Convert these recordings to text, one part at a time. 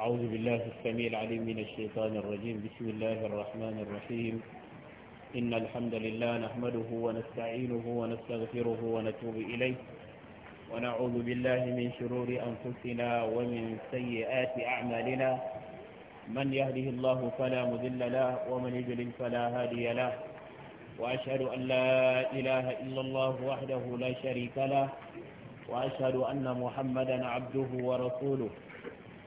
أعوذ بالله السميع العليم من الشيطان الرجيم بسم الله الرحمن الرحيم إن الحمد لله نحمده ونستعينه ونستغفره ونتوب إليه ونعوذ بالله من شرور أنفسنا ومن سيئات أعمالنا من يهده الله فلا مذل له ومن يضلل فلا هادي له وأشهد أن لا إله إلا الله وحده لا شريك له وأشهد أن محمدا عبده ورسوله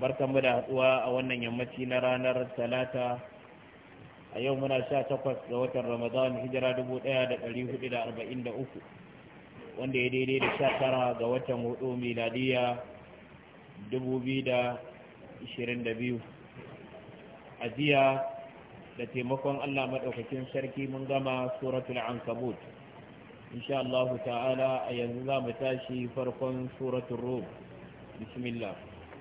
mu da haɗuwa a wannan yammaci na ranar talata a yau muna sha takwas ga watan ramadan hijira dubu ɗaya da ɗari hudu da arba'in da uku wanda ya daidai da sha tara ga watan hudu miladiya dubu biyu da ishirin da biyu a jiya da taimakon allah maɗaukakin sarki mun gama suratul ankabut insha allahu ta'ala a yanzu za mu tashi farkon suratul rum bismillah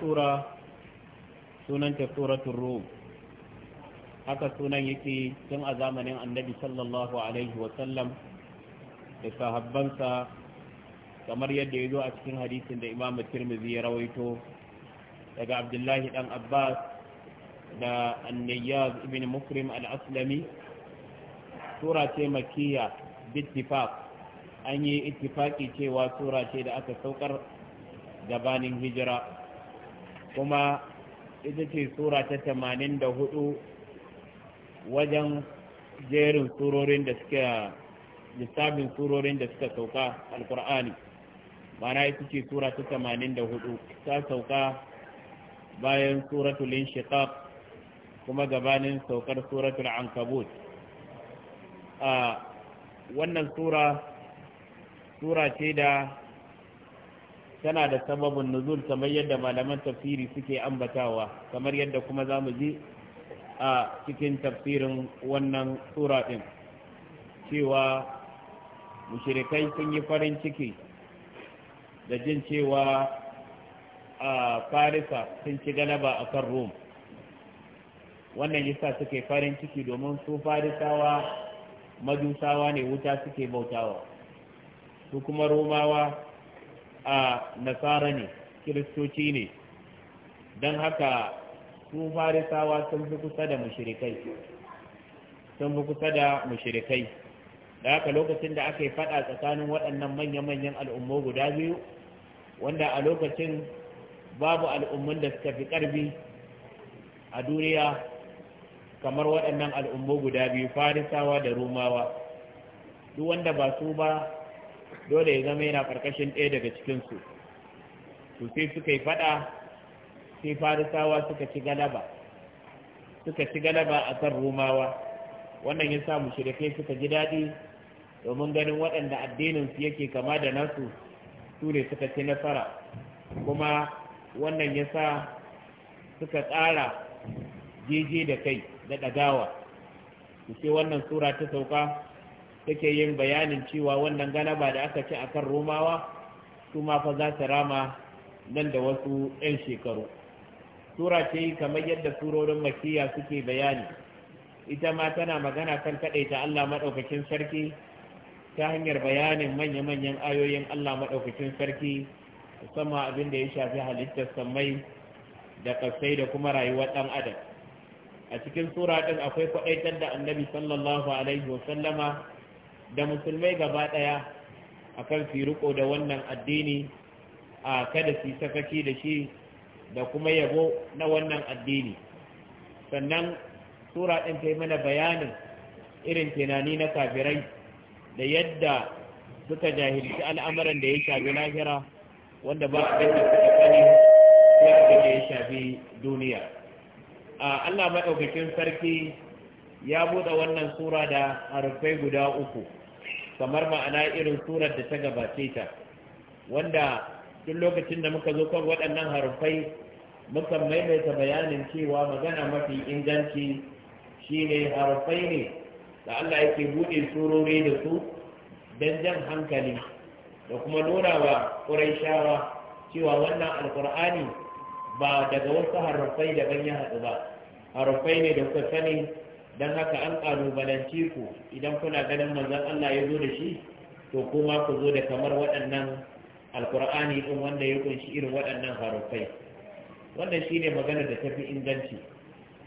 sura sunanta suratul rum haka sunan yake tun a zamanin annabi sallallahu alaihi wasallam da sahabbansa kamar yadda ya zo a cikin hadisin da imamu tirmidhi ya rawaito daga abdullahi dan abbas da annayyaz ibn mukrim al-aslami sura ce makiya bittifaq an yi ittifaki cewa sura ce da aka saukar gabanin hijira kuma ita ce sura ta tamanin da hudu wajen jerin surorin da suka lissafin surorin da suka sauka alkur'ani mana ita ce sura ta tamanin da hudu ta sauka bayan suratul inshiqaq kuma gabanin saukar suratul ankabut a wannan sura sura ce da tana da sababin nuzul kamar yadda malaman tafsiri suke ambatawa kamar yadda kuma za mu ji a cikin tafsirin wannan sura ɗin cewa mushirikai sun yi farin ciki da jin cewa a farisa sun ci galaba a kan rom wannan yasa suke farin ciki domin su farisawa majusawa ne wuta suke bautawa su kuma romawa a nasara ne kiristoci ne don haka su farisawa sun fi kusa da mashirikai sun fi kusa da mashirikai da haka lokacin da aka yi fada tsakanin waɗannan manya-manyan al'ummo guda biyu wanda a lokacin babu al'ummun da suka fi ƙarfi a duniya kamar waɗannan al'ummo guda biyu farisawa da rumawa duk wanda ba su ba dole ya zama yana karkashin ɗaya daga cikinsu to sai suka yi faɗa sai farisawa suka ci galaba suka ci galaba a kan rumawa wannan ya sa mu mushrikai suka ji daɗi domin ganin waɗanda addininsu yake kama da nasu su ne suka ci nasara kuma wannan ya sa suka ƙara jeje da kai da ɗagawa ku ce wannan sura ta sauka take yin bayanin cewa wannan galaba da aka ci a kan romawa su ma fa za su rama nan da wasu 'yan shekaru sura ce kamar yadda surorin makiya suke bayani ita ma tana magana kan kaɗaita Allah maɗaukakin sarki ta hanyar bayanin manya-manyan ayoyin Allah maɗaukakin sarki musamman abin da ya shafi halittar samai da kasai da kuma rayuwar ɗan adam a cikin sura ɗin akwai kwaɗaitar da annabi sallallahu alaihi wasallama da musulmai gaba ɗaya a kan firiko da wannan addini a kada su sakaki da shi da kuma yabo na wannan addini sannan sura ɗin ta mana bayanin irin tunani na kafirai da yadda suka jahilci al'amuran da ya shafi lahira wanda ba a da suka sani da ya shafi duniya A Allah maɗaukakin sarki ya buɗe wannan sura da harfai guda uku kamar ma'ana irin surar da ta gabace ta wanda duk lokacin da muka zo kan waɗannan harufai muka maimaita bayanin cewa magana mafi inganci shine harufai ne da Allah yake buɗe surori da su don jan hankali da kuma nuna wa ƙuraishawa cewa wannan alƙur'ani ba daga wasu harufai da ya haɗu ba harufai ne da kuka sani don haka an ƙalubalanci ku idan kuna ganin manzon Allah ya zo da shi to kuma ku zo da kamar waɗannan alkur'ani ɗin wanda ya kunshi irin waɗannan harufai wannan shi ne magana da tafi inganci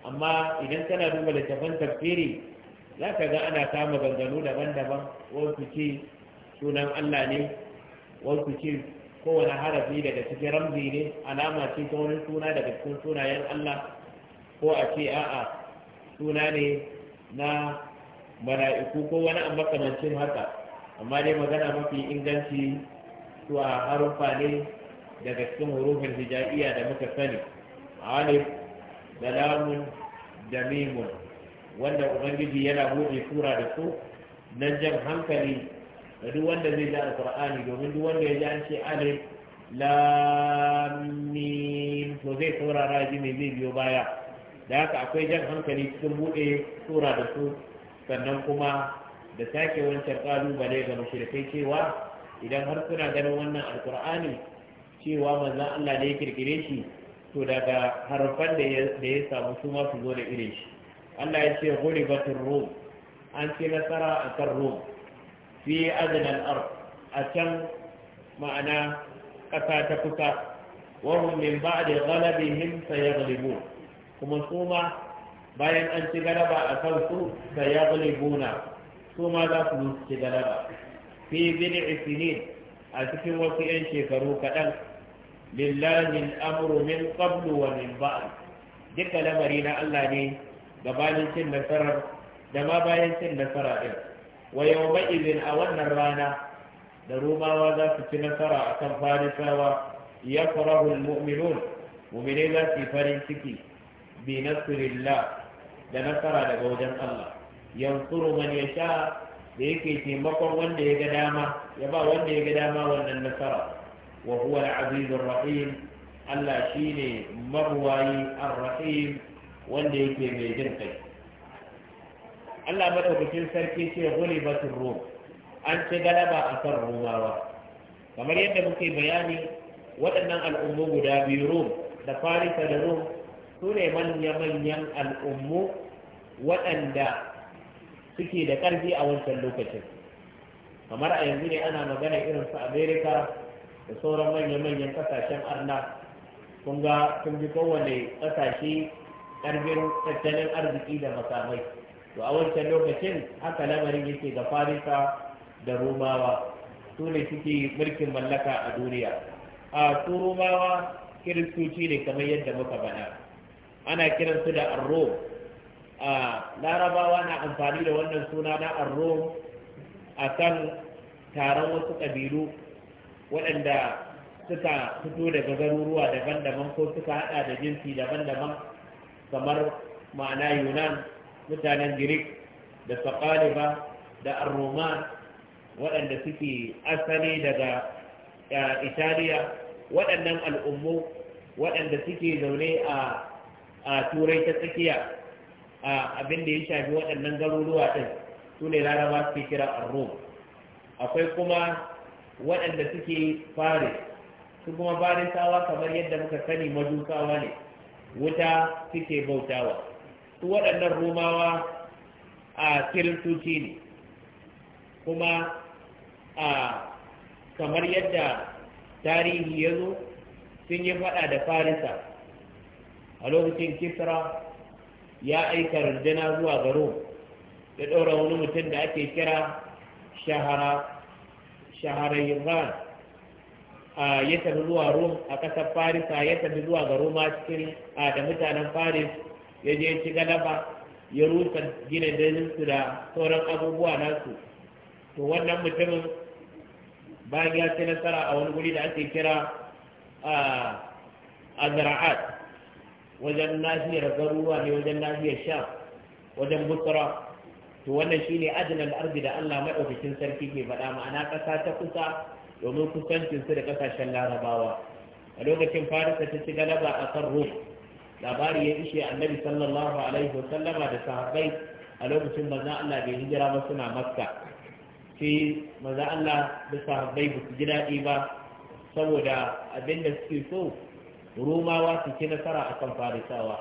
amma idan kana duba tafan tafsiri za ka ga ana kama ganganu daban-daban wasu ce sunan Allah ne wasu ce kowane harafi daga cikin ramzi ne alama ce ta wani suna daga cikin sunayen Allah ko a ce a'a suna ne na mala'iku ko wani an makamancin haka amma dai magana mafi inganci su a harufa ne daga cikin hurufin hijaiya da muka sani alif da lamun da mimun wanda ubangiji yana buɗe sura da su na jan hankali da duk wanda zai ji alqur'ani domin duk wanda ya ji an ce alif lam to zai saurara ji mai zai biyo baya da haka akwai jan hankali cikin buɗe sura da su sannan kuma da sake wancan ƙalubale ga mashirikai cewa idan har suna ganin wannan alkur'ani cewa manzan Allah ne ya kirkire shi to daga harfan da ya samu su ma su zo da irin shi Allah ya ce ghulibatir rum an ce nasara kan rum fi adnal ard a can ma'ana ƙasa ta kusa wa hum min ba'di ghalabihim sayaglibun kuma suma bayan an ci galaba a kan su da ya gulibuna su ma za su ci galaba fi bid'i sinin a cikin wasu 'yan shekaru kaɗan lillahi al'amru min qablu wa min ba'd duka lamari na Allah ne gabanin cin nasarar da ma bayan cin nasara din wa yawma idin a wannan rana da rumawa za su ci nasara akan farisawa ya farahu muminai za su yi farin ciki bi da nasara daga wajen Allah yansuru man yasha da yake taimakon wanda ya ga dama ya ba wanda ya ga dama wannan nasara wa huwa al-azizur rahim Allah shine mabuwayi ar-rahim wanda yake mai jin allah Allah madaukakin sarki ce ghulibatur rum an ci galaba akan rumawa kamar yadda muke bayani waɗannan al'ummu guda biyu rum da farisa da rum su ne manya-manyan al'ummu waɗanda suke da ƙarfi a wancan lokacin kamar a yanzu ne ana magana irin su amerika da sauran manya-manyan ƙasashen arna kun ga sun fi kowane ƙasashe ƙarfin tattalin arziki da makamai to a wancan lokacin haka lamarin yake da farisa da rumawa, su suke mulkin mallaka a duniya a su kiristoci ne kamar yadda muka faɗa ana kiransu da arro a larabawa na amfani da wannan suna na arro a kan taron wasu ƙabilu waɗanda suka fito daga garuruwa daban-daban ko suka haɗa da jinsi daban-daban kamar ma'ana yunan mutanen girik da saƙaliba da Arroma waɗanda suke asali daga eh, italiya waɗannan al'ummu waɗanda suke zaune a a turai ta tsakiya a abin da ya shafi waɗannan garuruwa ɗin su ne laraba suke kira arrom akwai kuma waɗanda suke faris su kuma farisawa kamar yadda muka sani majusawa ne wuta suke bautawa su waɗannan romawa a kiristoci ne kuma a kamar yadda tarihi ya zo sun yi faɗa da farisa a lokacin kisra ya aika rundana zuwa garo ya ɗora wani mutum da ake kira shahararren ya tafi zuwa rom a ƙasar farisa ya tafi zuwa garo ma cikin da mutanen paris ya je ci galaba ya rusa gina su da sauran abubuwa nasu to wannan mutumin bayan ya ce nasara a wani guri da ake kira a zara'at wajen nahiyar garuruwa ne wajen nahiyar sha wajen busra to wannan shine adnal ardi da Allah madaukakin sarki ke faɗa ma'ana ƙasa ta kusa domin kusancin su da ƙasashen larabawa a lokacin farisa ta ci galaba a kan rum labari ya ishe annabi sallallahu alaihi wa sallama da sahabbai a lokacin manzon Allah bai hijira ba suna makka sai manzon Allah da sahabbai ba su ji daɗi ba saboda abinda suke so rumawa su ci nasara akan farisawa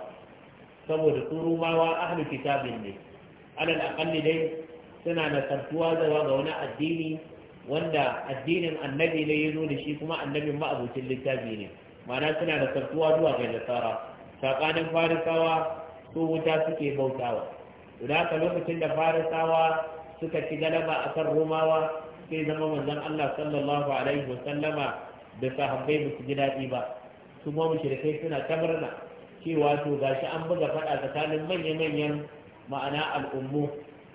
saboda su rumawa ahli kitabin ne alal aqalli dai suna nasartuwa zawa ga wani addini wanda addinin annabi ne yazo da shi kuma annabin ma'abucin littafi ne ma'ana suna nasartuwa zuwa ga nasara saƙanin farisawa su wuta suke bautawa da haka lokacin da farisawa suka ci galaba akan Rumawa, sai zama manzon Allah sallallahu alaihi wasallama da sahabbai ba su ji daɗi ba su ma mushrikai suna tabarna cewa to gashi an buga faɗa tsakanin manya-manyan ma'ana al'ummu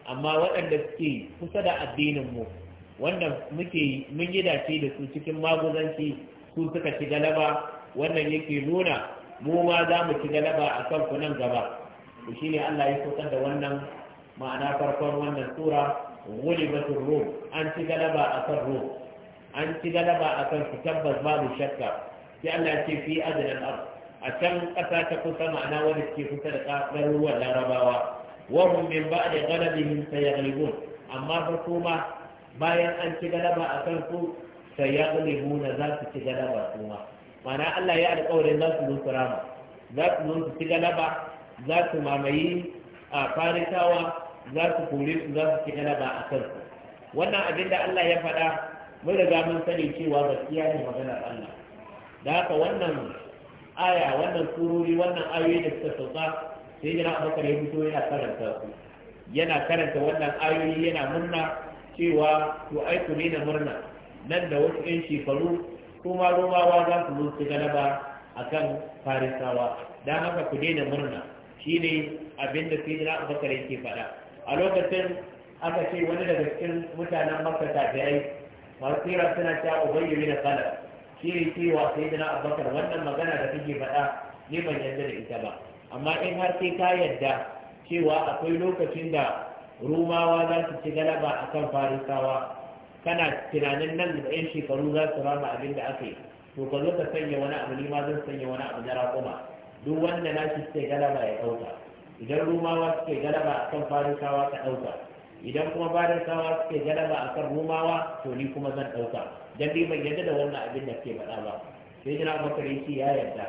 amma waɗanda suke kusa da addinin mu wanda muke mun yi dace da su cikin maguzanci su suka ci galaba wannan yake nuna mu ma za mu ci galaba a kan nan gaba to shine Allah ya kusa da wannan ma'ana farkon wannan sura ghulibatur rum an ci galaba akan rum an ci galaba akan su tabbas babu shakka sai Allah ya ce fi adnan ard a can ƙasa ta kusa ma'ana wani ke kusa da garuruwan larabawa wahum min ba'di ghalabihim sayaghlibun amma ba kuma bayan an ci galaba a kan su sayaghlibuna za su ci galaba kuma ma'ana Allah ya alƙawarin za su zo su rama za su zo su ci galaba za su mamaye a farisawa za su kore su za su ci galaba a kan su wannan abin da Allah ya faɗa mun riga mun sani cewa gaskiya ne maganar Allah da haka wannan aya wannan sururi wannan ayoyi da suka sauka sai jira abubakar ya fito yana karanta su yana karanta wannan ayoyi yana murna cewa to ai ku ne murna nan da wasu yan shekaru kuma romawa za su zo su galaba kan farisawa don haka ku daina murna Shi ne abin da sai jira abubakar yake faɗa a lokacin aka ce wani daga cikin mutanen makka ta masu tsira suna cewa ubangiji na khalaf shi ne cewa sai da na abubakar wannan magana da kake faɗa ne ban yadda da ita ba amma in har sai ka yadda cewa akwai lokacin da rumawa za su ci galaba a kan farisawa kana tunanin nan da 'yan shekaru za su rama abin da aka yi to ka zo ka sanya wani abu ne ma zan sanya wani abu na raƙuma duk wanda na shi suke galaba ya ɗauka idan rumawa suke galaba a kan farisawa ka ɗauka idan kuma farisawa suke galaba a kan rumawa to ni kuma zan ɗauka dan dai ban yadda da wannan abin da ke faɗa ba sai jina bakari shi ya yarda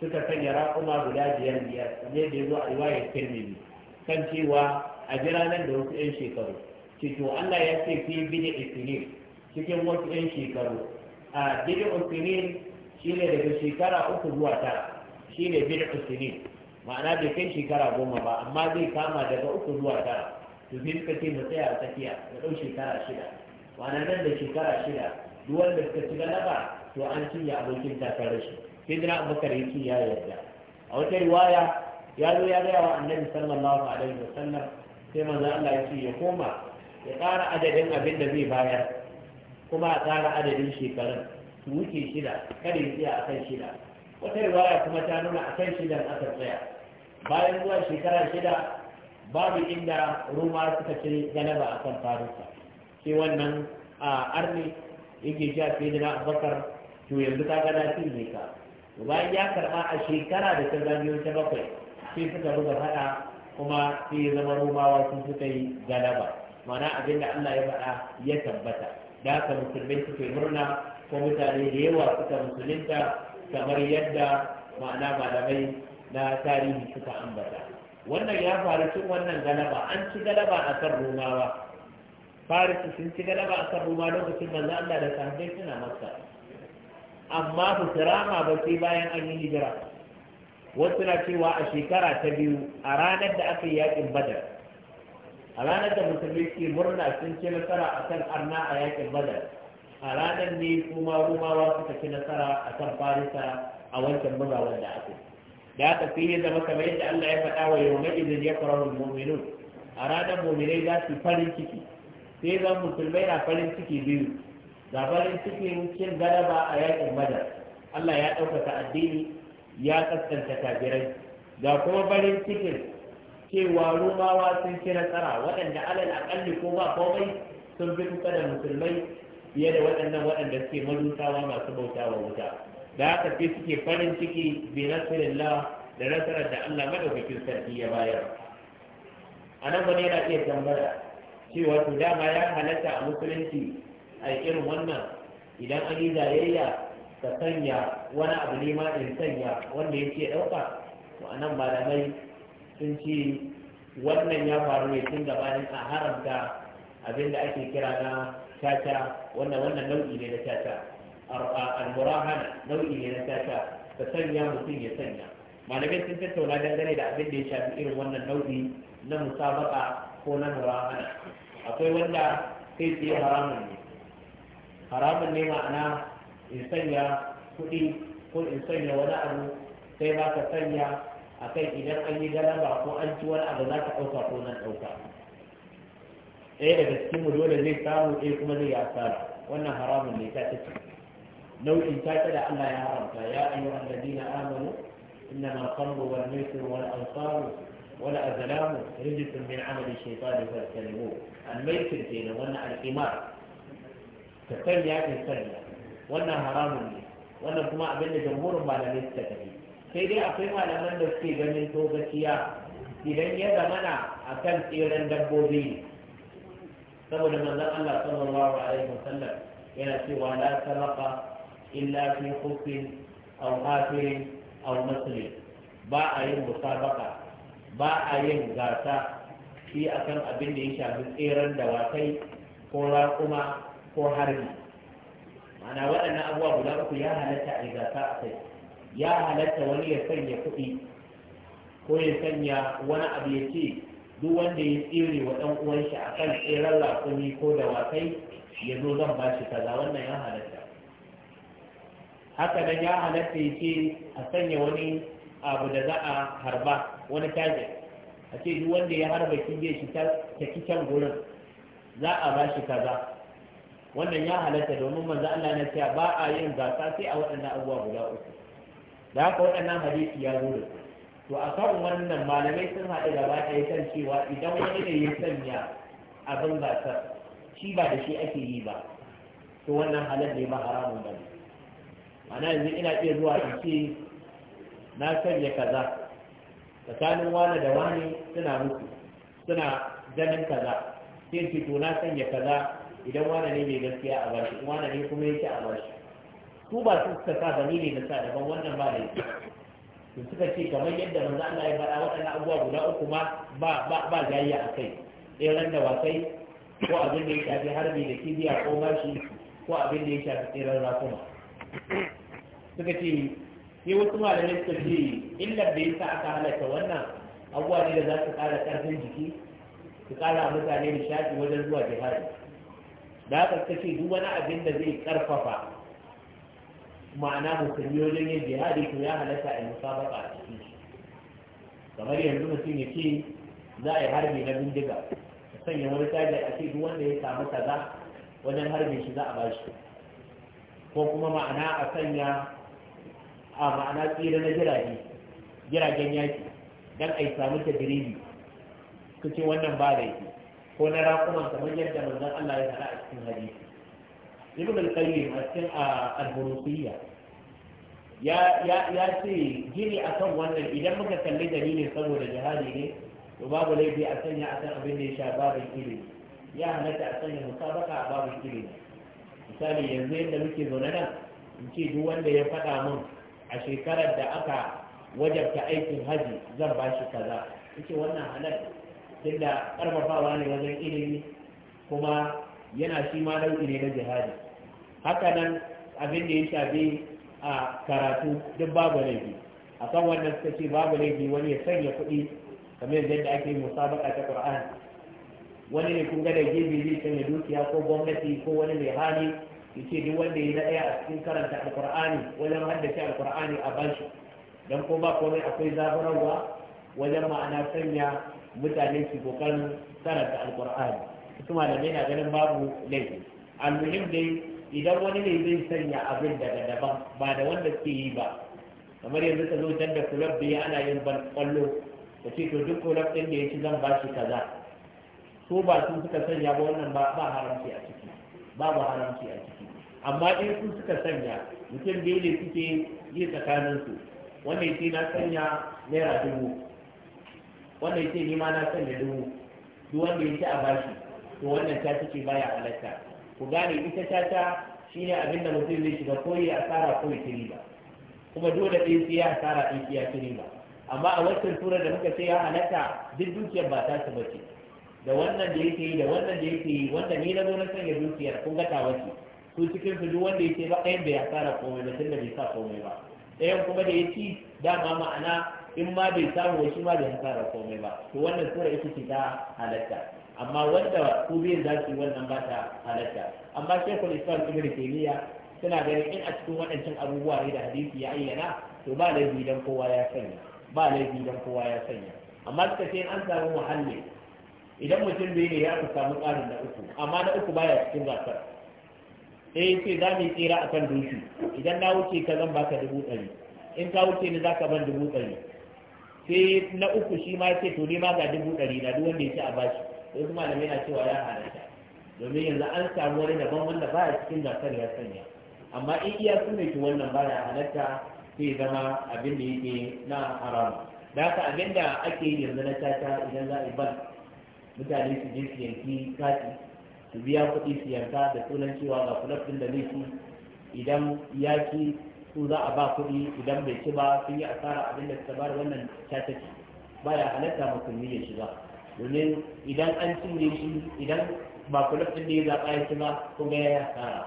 suka sanya raƙuma guda biyar biyar zai da zo a riwayar tirmidhi kan cewa a jira nan da wasu 'yan shekaru cito Allah ya ce fi bidi isini cikin wasu 'yan shekaru a bidi isinin shi ne daga shekara uku zuwa tara shi ne bidi isinin ma'ana bai kai shekara goma ba amma zai kama daga uku zuwa tara to sai suka ce mu tsaya a tsakiya da ɗau shekara shida ma'ana nan da shekara shida duk wanda suka na ba to an cinye abokin takarar shi sai dina abubakar ya ya yarda a wata riwaya ya zo ya gaya wa annabi sallallahu alaihi sallam sai manzo Allah ya ce ya koma ya ƙara adadin abin da zai bayar kuma a ƙara adadin shekarun su wuce shida kada ya tsaya a kan shida wata riwaya kuma ta nuna a kan shidan aka tsaya bayan zuwa shekara shida babu inda roma suka ci galaba a kan farusa. sai wannan a arni yake ja sai da na abubakar to yanzu ka ga na ne ka bayan ya karɓa a shekara da ta ta bakwai sai suka buga faɗa kuma sai ya zama romawa sun suka yi galaba mana abin da Allah ya faɗa ya tabbata da haka musulmai suke murna ko mutane da yawa suka musulunta kamar yadda ma'ana malamai na tarihi suka ambata wannan ya faru cikin wannan galaba an ci galaba a kan romawa farisu sun ci galaba a kan ruma lokacin za Allah da sahabbai suna masa amma su rama ba sai bayan an yi hijira wasu na cewa a shekara ta biyu a ranar da aka yi yakin badar a ranar da musulmi ke murna sun ci nasara a kan arna a yakin badar a ranar ne kuma rumawa suka ci nasara a kan farisa a wancan bugawar da aka yi da aka fi yi zama kamar yadda Allah ya faɗa wa yau idan ya faru muminu? a ranar mu'minai za su farin ciki sai zan musulmai na farin ciki biyu ga farin cikin cin galaba a yakin badar Allah ya ɗaukaka addini ya kaskanta kafirai ga kuma farin cikin cewa rumawa sun ci nasara waɗanda alal akalli ko ba komai sun fi kusa da musulmai fiye da waɗannan waɗanda suke majusawa masu bauta wa wuta da haka sai suke farin ciki bi nasirillah da nasarar da Allah madaukakin sarki ya bayar a nan wani yana iya tambaya cewa wato dama ya halatta a musulunci a irin wannan idan an yi zayayya ka sanya wani abu ne ma in sanya wanda ya ce ɗauka to a malamai sun ce wannan ya faru ne tun gabanin a haramta abin da ake kira na caca wannan wannan nau'i ne na caca al-murahana nau'i ne na caca ka sanya mutum ya sanya malamai sun tattauna dangane da abin da ya shafi irin wannan nau'i na musabaka ko na murahana akwai wanda sai tsaye haramun ne haramun ne ma'ana in sanya kuɗi ko in sanya wani abu sai ba ka sanya a kai idan an yi galaba ko an ci wani abu za ka ɗauka ko nan ɗauka ɗaya daga cikin mu dole zai samu ɗaya kuma zai asara wannan haramun ne ta tace nau'in ta da Allah ya haramta ya ayyuhan ladina amanu innama khamru wal maisir wal والأزلام رجس من عمل الشيطان فاجتنبوه الميسر كينا وانا الإمار تسليا تسليا وانا حرام لي وانا كما أبن جمهور ما لم يستكفي سيدي أقيم على من نفسي بمن توبتيا إذن يدا منع أكل إيران دبوبين سبب من الله صلى الله عليه وسلم ينسي ولا سبق إلا في خف أو غافر أو مسلم ba a yin musabaka ba a yin gasa shi akan abin da ya shafi tseren dawakai ko raƙuma ko harbi mana waɗannan abuwa guda uku ya halatta a gasa a kai ya halatta wani ya sanya kuɗi ko ya sanya wani abu ya ce duk wanda ya tsere wa ɗan uwan shi akan tseren raƙumi ko dawakai ya zo zan ba shi kaza wannan ya halatta haka nan ya halatta ya ce a sanya wani abu da za a harba wani tajir a ce duk wanda ya harba kibiyar shi ta kicin gurin za a ba shi kaza wannan ya halatta domin manzo Allah na ya ba a yin gasa sai a waɗannan abubuwa guda uku da haka waɗannan hadisi ya zo to a kan wannan malamai sun haɗu gaba ɗaya kan cewa idan wani ne ya sanya abin gasar shi ba da shi ake yi ba to wannan halar ne ba haramun ba ne ma'ana yanzu ina iya zuwa in ce na sanya kaza tsakanin wane da wane suna mutu suna ganin kaza sai fito na sanya kaza idan wane ne mai gaskiya a bashi wane ne kuma yake a bashi su ba su suka sa ba ne na sa daban wannan ba ne to suka ce kamar yadda manzo Allah ya faɗa waɗannan abubuwa guda uku ma ba ba ba jayya a kai tseren da wasai ko abin da ya shafi harbi da kibiya ko mashi ko abin da ya shafi tseren rakuma suka ce sai wasu malamai suka ce illar da yasa aka halarta wannan abubuwa ne da za su kara karfin jiki su a mutane nishaɗi wajen zuwa jihari da haka suka ce duk wani abin da zai karfafa? ma'ana musulmi wajen yin jihadi to ya halatta a yi musabaka a cikin shi kamar yanzu mutum ya ce za a yi harbi na bindiga a sanya wani taji a ce duk wanda ya samu kaza wajen harbin shi za a bashi ko kuma ma'ana a sanya a ma'ana tsira na jirage jiragen yaki don a yi samu tadiribi su ce wannan ba da yake ko na rakunan kamar yadda manzon Allah ya faɗa a cikin hadisi ibn al-qayyim a cikin al-burusiyya ya ce gini akan wannan idan muka kalli dalilin saboda jihadi ne to babu laifi a sanya akan abin da ya sha babu ilimi ya halatta a sanya musabaka a babu ilimi misali yanzu yadda muke zaune nan in ce duk wanda ya faɗa mun. a shekarar da aka wajabta aikin haji zan ba shi kaza yace wannan halal da karfafawa ne wajen ilimi kuma yana shi ma nau'i ne na jihadi haka nan abin da ya shafi a karatu duk babu laifi a kan wannan suka ce babu laifi wani ya sanya kuɗi kamar yadda ake musabaka ta qur'ani wani ne kun ga da gebe zai sanya dukiya ko gwamnati ko wani mai hali yace duk wanda ya daya a cikin karanta alqur'ani wajen haddace alqur'ani a bashi dan ko ba komai akwai zaburarwa wajen ma'ana sanya mutane su kokarin karanta alqur'ani su malamai na ganin babu laifi almuhim dai idan wani ne zai sanya abin daga daban ba da wanda suke yi ba kamar yanzu ka zo can da kulab da ana yin kwallo ka ce to duk kulab ɗin da ya ci zan ba shi kaza Su ba sun suka sanya ba wannan ba, ba haramci a ciki babu haramci a ciki amma in su suka sanya mutum biyu ne suke yi tsakanin su wanda ya ce na sanya naira dubu wanda ya ce ni ma na sanya dubu duk wanda ya ce a bashi to wannan ta suke baya halatta ku gane ita ta ta shine abin da mutum zai shiga koyi a asara koyi ta riba kuma dole ɗin sai ya asara ɗin ya riba amma a wancan turar da muka ce ya halatta duk dukiyar ba ta su bace da wannan da yake yi da wannan da yake yi wanda ni na gona sanya dukiyar kun ga tawaci su cikin su duk wanda yake ba ɗayan bai asara komai ba tunda bai sa komai ba ɗayan kuma da ya ci dama ma'ana in ma bai samu shi ma bai asara komai ba to wannan sura ita ce ta halatta amma wanda ku biyan za yi wannan ba ta halatta amma shekul islam ibn taymiya suna ganin in a cikin waɗancan abubuwa ne da hadisi ya ayyana to ba laifi dan kowa ya sanya ba laifi dan kowa ya sanya amma suka ce an samu muhalli idan mutum biyu ne ya fi samu tsarin na uku amma na uku baya cikin gasar sai ya ce za mu yi tsira a kan dutse, idan na wuce ka zan baka dubu ɗari in ka wuce ni za ka ban dubu ɗari sai na uku shi ma ya ce to ni ma ga dubu ɗari na duk wanda ya ci a bashi sai kuma malamai yana cewa ya halatta domin yanzu an samu wani daban wanda baya cikin gasar ya sanya amma in iya su ne wannan baya halatta sai zama abin da yake na haramu da haka abin da ake yi yanzu na caca idan za a yi bal mutane su je su yanki kati su biya kuɗi su yanka da sunan cewa ga kulab ɗin da zai idan ya ci su za a ba kuɗi idan bai ci ba sun yi asara abin da suka bar wannan cata ba ya halatta musulmi ya shiga domin idan an cinye shi idan ba kulab ɗin da ya zaɓa ya ci ba kuma ya yi asara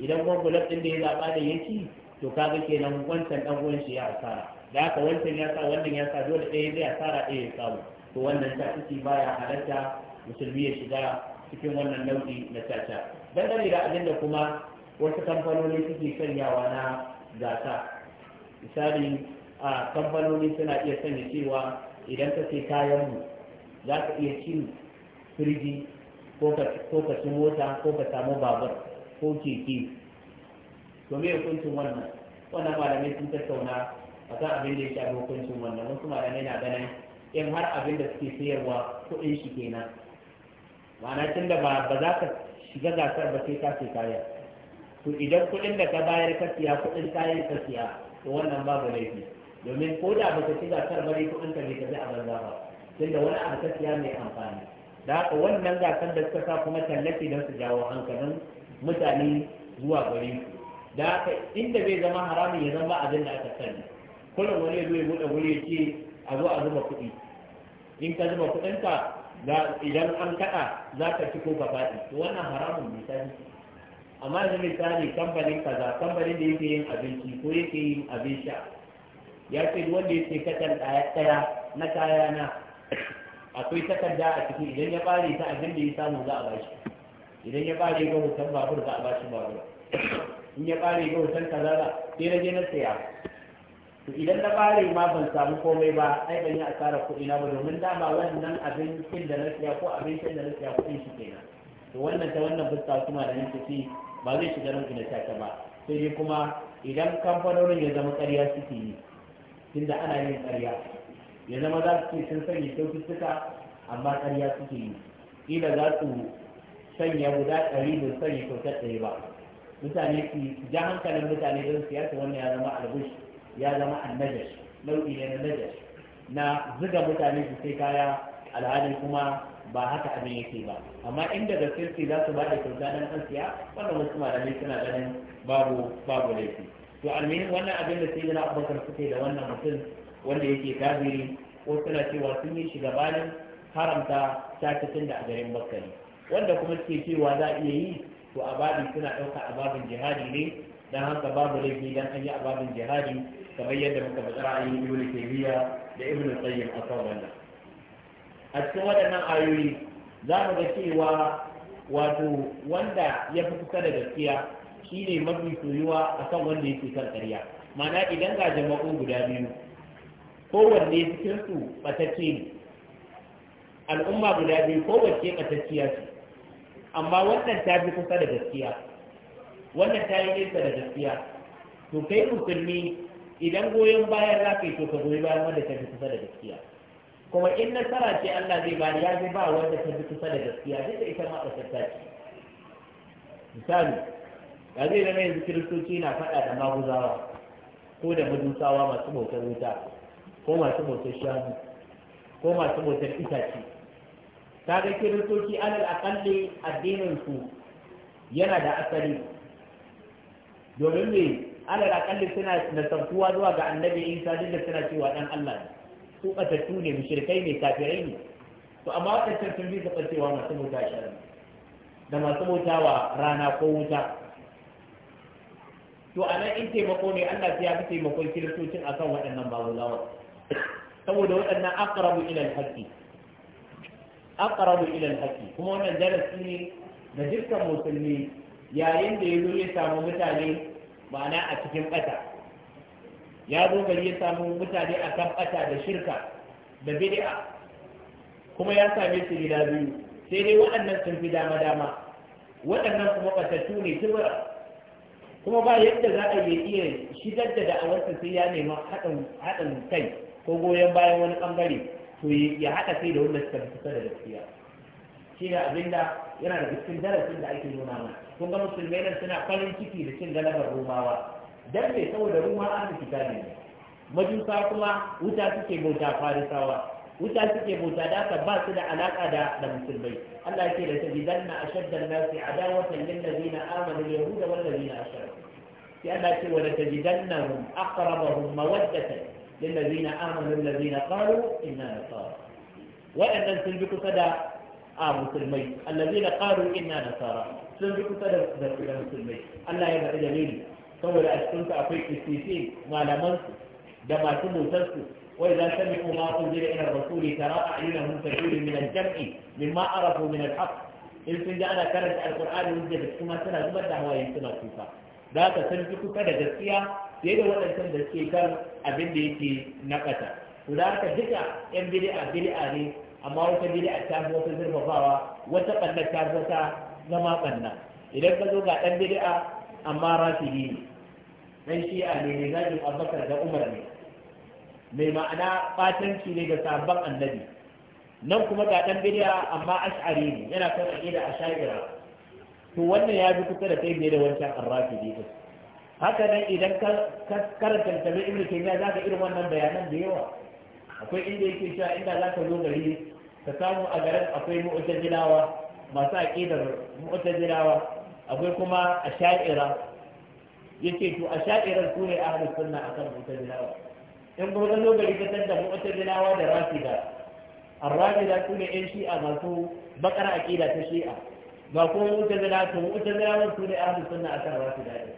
idan kuma kulab ɗin da ya zaɓa da ya ci to kaga kenan wancan ɗan uwan shi ya asara da haka wancan ya sa wannan ya sa dole ɗaya zai asara ɗaya ya samu to wannan takuti baya halarta, musulmi ya shiga cikin wannan nau'i na caca dangane da abin da kuma wasu kamfanoni suke sanyawa na gasa misali a kamfanoni suna iya sanya cewa idan ka ce kayan mu za ka iya cin firji ko ka ci mota ko ka samu babur ko keke to me hukuncin wannan wannan malamai sun tattauna a akan abin da ya shafi hukuncin wannan wasu malamai na ganin in har abin da suke sayarwa kuɗin shi kenan ma'ana tun da ba za ka shiga gasar ba sai ka sai kaya to idan kuɗin da ka bayar ka siya kuɗin kayan ka siya to wannan babu laifi domin ko da ba ka ci gasar ba ne kuɗin ka bai tafi a banza ba tun da wani abu ka siya mai amfani da haka wannan gasar da suka sa kuma tallafi don su jawo hankalin mutane zuwa gari da haka inda bai zama haramun ya zama abin da aka sani kullum wani ya zo ya buɗe wuri ya ce a zo a zuba kuɗi in ka zuba kuɗinka idan an kaɗa za ka ci ko ka faɗi to wannan haramun misali amma yanzu misali kamfanin kaza kamfanin da yake yin abinci ko yake yin abin sha ya ce wanda yake katan ɗaya ɗaya na kaya na akwai takarda a ciki idan ya ɓare ta abin da ya samu za a bashi idan ya ɓare ga hoton babur za a bashi babur in ya ɓare ga hoton kaza sai na je na saya to idan na bare ma ban samu komai ba ai ban yi asarar kuɗi na ba domin dama wannan abincin da na siya ko abincin da na siya kuɗin shi kenan to wannan ta wannan fuska kuma da nake shi ba zai shiga nan gina ta ba sai dai kuma idan kamfanonin ya zama ƙarya suke yi tunda ana yin ƙarya ya zama za su ce sun sanya kyaututtuka amma ƙarya suke yi ila za su sanya guda ɗari da sanya kyautar ɗaya ba mutane su ja hankalin mutane don siyasa wannan ya zama albushi ya zama annajash nau'i ne na najash na zuga mutane su sai kaya alhali kuma ba haka abin yake ba amma inda da sirri za su bada kyauta dan an siya wannan wasu malamai suna ganin babu babu laifi to almin wannan abin da sai da abubakar suke da wannan mutum wanda yake kafiri ko suna cewa sun yi shi haramta shakitin da a garin bakkari wanda kuma suke cewa za a iya yi to a babi suna ɗauka a babin jihadi ne don haka babu laifi don an yi a babin jihadi kamar yadda muka faɗi ra'ayin ibn taymiya da ibn qayyim akan wannan a cikin waɗannan ayoyi za mu ga cewa wato wanda ya fi kusa da gaskiya shine mafi soyuwa akan wanda yake kan ƙarya ma'ana idan ga jama'o guda biyu kowanne cikinsu su batacce ne al'umma guda biyu kowace batacciya ce amma wannan ta fi kusa da gaskiya wannan ta yi nesa da gaskiya to kai musulmi idan goyon bayan za ka yi to ka goyi bayan wanda ta fi kusa da gaskiya kuma in nasara ce Allah zai bari ya zai ba wanda ta fi kusa da gaskiya duka ita ma a ta ce misali ya zai zama yanzu kiristoci na faɗa da maguzawa ko da madusawa masu bautar wuta ko masu bautar shanu ko masu bautar itace kaga kiristoci alal akalli addinin su yana da asali domin me alal akalli suna nasabtuwa zuwa ga annabi isa duk da suna cewa dan Allah ne su batattu ne mushrikai ne kafirai ne to amma waɗancan sun bi su cewa masu bauta ne, da masu mutawa rana ko wuta to a nan in taimako ne Allah ya fi taimakon kiristocin akan waɗannan babulawa saboda waɗannan aqrabu ila al-haqqi aqrabu ila al-haqqi kuma wannan darasi ne da dukkan musulmi yayin da yazo ya samu mutane ma'ana a cikin ƙasa ya zo gari ya samu mutane a kan ƙasa da shirka da bidi'a. kuma ya same su gida biyu sai dai waɗannan sun fi dama dama waɗannan kuma ƙasashu ne tubura kuma ba yadda za a iya shigar da da'awarsa sai ya nema haɗin kai ko goyon bayan wani ɓangare to ya haɗa kai da wanda suka fi kusa da gaskiya shi ne abinda yana da cikin darasin da ake nuna mana kun ga musulmai nan suna farin ciki da cin galabar rumawa dan bai saboda rumawa an kitabi ne majusa kuma wuta suke bauta farisawa wuta suke bauta da ka ba su da alaka da da musulmai Allah yake da ta bidanna ashaddan nasi adawatan lil ladina amanu yahuda wal ladina ashraku sai Allah yake wa ta bidannahum aqrabahum mawaddatan lil ladina amanu lil ladina qalu inna nasara wa sun bi kusa da a musulmai alladina qalu inna nasara sun bi kusa da da musulmai Allah ya bada dalili saboda a cikin akwai kristisi malaman su da masu motar su wai za ta miƙo ma kun jira ina rasuli tara a ina mun ta juri min aljam'i min ma arafu min alhaq in sun ji ana karanta alqur'ani wanda da kuma suna zubar da hawaye suna kusa da haka san ji kusa da gaskiya sai da waɗancan da suke kan abin da yake na ƙasa to da haka duka yan bid'a bid'a ne amma wata bid'a ta zo ta zurfafawa wata ɓannar ta zo ta zama ɓanna idan ka zo ga ɗan bid'a amma rafidi ne ɗan shi'a ne ne zagin abubakar da umar ne mai ma'ana batanci ne da sabon annabi nan kuma ga ɗan bid'a amma ash'ari ne yana kan aƙida a sha'ira to wannan ya bi kusa da kai ne da wancan arrafidi ɗin haka nan idan ka karanta tabi ibnu taymiya zaka irin wannan bayanan da yawa akwai inda yake cewa inda zaka zo gari ka samu a garin akwai mu'tazilawa masu aƙidar mu'tazilawa akwai kuma asha'ira yace to asha'ira su ne ahli sunna akan mu'tazilawa in kuma zo gari ka san da mu'tazilawa da rafida ar-rafida su ne yan shi'a masu bakar aqida ta shi'a ba ko mu'tazila to mu'tazilawa su ne ahli sunna akan rafida ne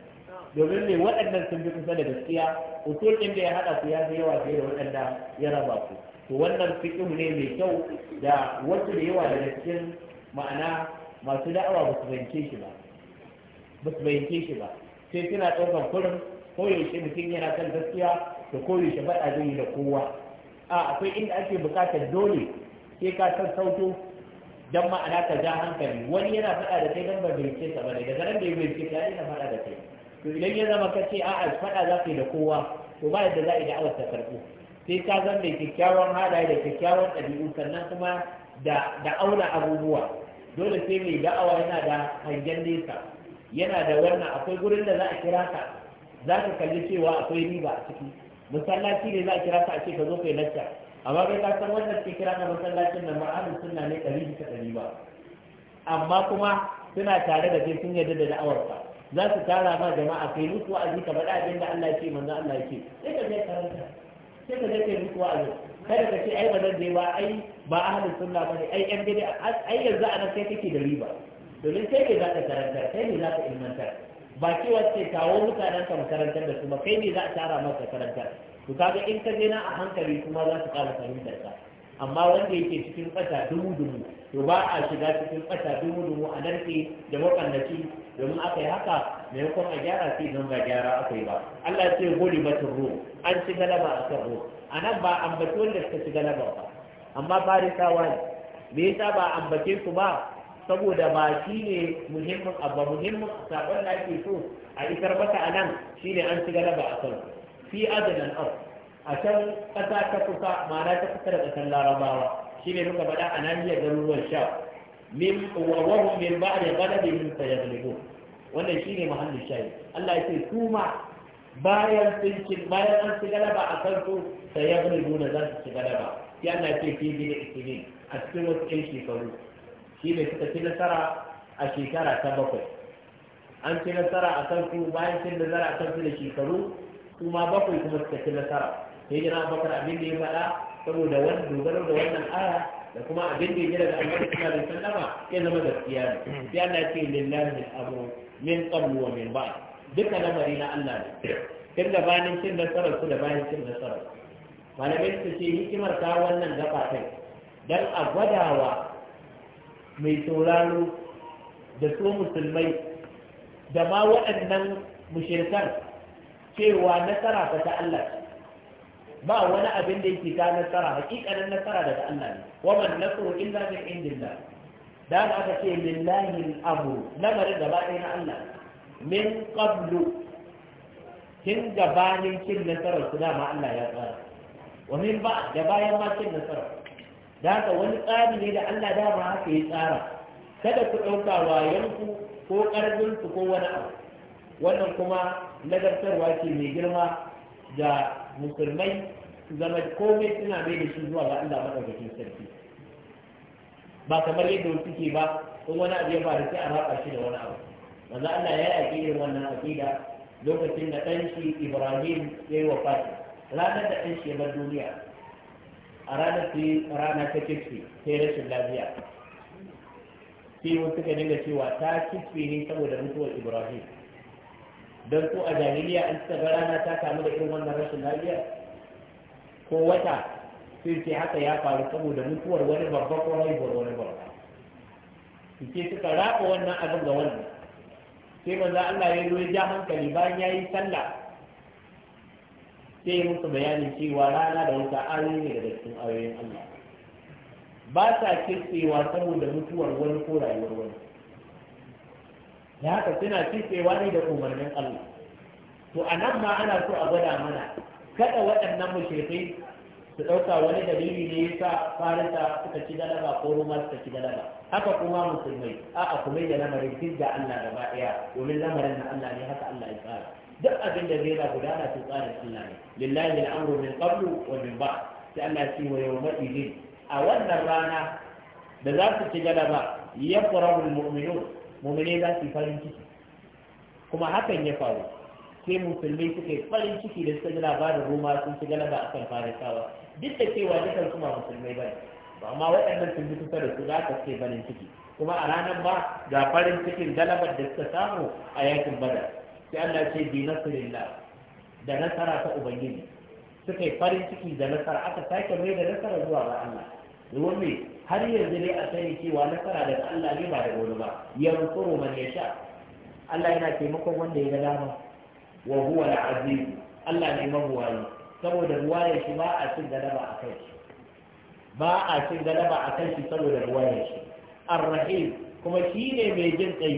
domin me waɗannan sun bi kusa da gaskiya usul ɗin da ya haɗa su ya fi yawa fiye da waɗanda ya raba ku to wannan fiƙin ne mai kyau da wasu da yawa daga cikin ma'ana masu da'awa ba su fahimce shi ba ba su fahimce shi ba sai suna ɗaukar kurin koyaushe mutum yana kan gaskiya da koyaushe faɗa zai yi da kowa a akwai inda ake buƙatar dole sai ka san sauto, don ma'ana ka ja hankali wani yana faɗa da kai don ba ce sa ba ne daga nan da ya bai ce ya yana faɗa da kai to idan ya zama ka ce a'a faɗa za ka yi da kowa to ba yadda za a yi da Allah ta karɓo sai ka zan da kyakkyawan halaye da kyakkyawan ɗabi'u sannan kuma da auna abubuwa dole sai mai da'awa yana da hangen nesa yana da wannan akwai gurin da za a kira ka za ka kalli cewa akwai riba a ciki masallaci ne za a kira ka a ce ka zo kai lacca amma kai ka san wannan ke kira ka masallacin nan ma'anin suna ne ɗari bisa ɗari ba amma kuma suna tare da kai sun yarda da ka za su tara ma jama'a kai musu wa'azi ka faɗa abin da Allah ya ce manzo Allah ya ce sai ka je karanta sai ka je kai musu wa'azi kada ka ce ai ba ya je ba ai ba ahlus sunna bane ai yan gidi ai yanzu a nan kai kake da riba domin sai ne za ka karantar kai ne za ka ilmantar ba ce ce kawo mutanen ka makarantar da su ba kai ne za a tara maka karantar to kaga in ka je na a hankali kuma za su ƙara fahimtar ka amma wanda yake cikin ƙasa dubu-dubu, to ba a shiga cikin ƙasa dubu-dubu a nan ke da makannaci domin aka yi haka maimakon a gyara sai don ba gyara aka ba Allah ya ce gori batun ruwa an ci galaba a kan ruwa a nan ba ambaci wanda suka shiga na ba amma farisawa ne me yasa ba ambace ku ba saboda ba shi ne muhimmin abba muhimmin sabon da ake so a isar maka a nan shi ne an shiga na ba a kan fi adanan ar a can ƙasa ta kusa ma'ana ta kusa da ƙasar larabawa shi ne muka faɗa a nan nahiyar garuruwan sha min wawahun min ba da gada da yin sayaglibu wannan shi ne muhallin shayi Allah ya ce su ma bayan sun ci bayan an ci galaba a kan su sai ya bari nuna za su ci galaba sai Allah ce fi bi da isini a cikin wasu ɗan shekaru shi ne suka ci nasara a shekara ta bakwai an ci nasara a kan su bayan cin nasara a kan su da shekaru kuma bakwai kuma suka ci nasara sai jira bakar abin da ya faɗa saboda wani dogaro da wannan aya da kuma abin da ya jira da annabi sallallahu da sallama ya zama gaskiya ne sai Allah ce lillahi al-amru min qablu wa min ba'd duka lamari na Allah ne tun gabanin cin nasarar su da bayan cin nasarar malamai su ce hikimar ta wannan gaba kai don a gwadawa mai sauraro da su musulmai da ma waɗannan mushirkan cewa nasara ta ta Allah ba wani abin da yake ta nasara hakikanin nasara daga Allah ne wa man nasru illa min indillah dan aka ce lillahi al lamarin gaba ɗaya na Allah min qablu tun gabanin cin nasarar su dama Allah ya tsara wani ba da bayan ma cin nasarar da haka wani tsari ne da Allah dama haka ya tsara kada ku ɗauka wayanku ko su ko wani abu wannan kuma nagartarwa ce mai girma da musulmai su zama komai suna mai da shi zuwa ga Allah maɗaukakin sarki ba kamar yadda wasu ke ba in wani abu ya faru sai a raba shi da wani abu manzo Allah ya yi aƙidar wannan aƙida lokacin da ɗan shi Ibrahim ya yi wafati ranar da ɗan shi ya bar duniya a ranar sai rana ta kifi sai rashin lafiya sai wasu suka dinga cewa ta kifi ne saboda mutuwar Ibrahim don ko a jahiliya an suka ga rana ta kamu da irin wannan rashin lafiya ko wata sai ce haka ya faru saboda mutuwar wani babba ko haihuwar wani babba sai suka raba wannan abin ga wannan sai manzo Allah ya zo ya ja hankali bayan ya yi sallah sai ya musu bayanin cewa rana da wata ayoyi ne daga cikin ayoyin Allah ba sa kirtsewa saboda mutuwar wani ko rayuwar wani da haka suna kirtsewa ne da umarnin Allah to a ma ana so a gwada mana kada waɗannan mushrikai su ɗauka wani dalili ne yasa farisa suka ci galaba ko ruma suka ci galaba haka kuma musulmai a'a kuma da lamarin duk da Allah gaba ɗaya domin lamarin na Allah ne haka Allah ya tsara duk abin da zai gudana su tsarin Allah ne lillahi al'amru min qablu wa min ba, sai Allah ya ce wa yawma idin a wannan rana da za su ci galaba ya yafrahu almu'minun mu'mini za su farin ciki kuma hakan ya faru sai musulmai suka yi farin ciki da suka ji labarin ruma sun ci galaba akan farisawa duk da cewa dukan kuma musulmai bane ba amma waɗannan sun bi da su za ka ce farin ciki kuma a ranar ba ga farin cikin galabar da suka samu a yakin badar sai Allah ce bi nasrillah da nasara ta ubangiji suka yi farin ciki da nasara aka sake mai da nasara zuwa ga Allah domin me har yanzu ne a sani cewa nasara daga Allah ne ba da wani ba Ya rukuru man yasha Allah yana taimakon wanda ya ga dama wa huwa al-aziz Allah ne mabuwayi saboda ruwayar shi ba a cin galaba a kai shi ba a cin galaba a kai shi saboda ruwayar shi arrahim kuma shi ne mai jin tsayi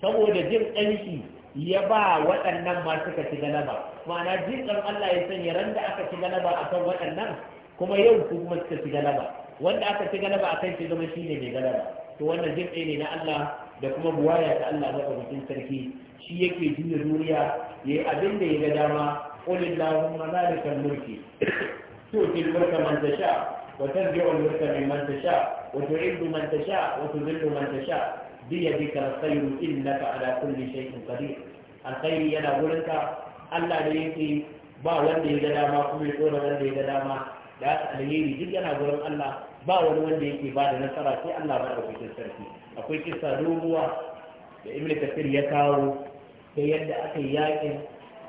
saboda jin tsayi ya ba waɗannan ma suka ci galaba ma'ana jin Allah ya sanya ran da aka ci galaba a kan waɗannan kuma yau kuma suka ci galaba wanda aka ci galaba a kan shi zama shi ne mai galaba to wannan jin tsayi ne na Allah da kuma buwaya ta Allah na sarki shi yake juya duniya ya yi abin da ya ga dama قل اللهم مالك الملك تؤتي الملك من تشاء وترجع الملك ممن تشاء وتعز من تشاء وتذل من تشاء بيدك الخير انك على كل شيء قدير الخير ينا ولك الله da yake ba wanda ya ga dama kuma ya tsora wanda ya ga dama da alheri duk yana gurin Allah ba wani wanda yake ba da nasara sai Allah ba da kucin sarki akwai kisa doguwa da Ibn Kathir ya kawo ta yadda aka yi yakin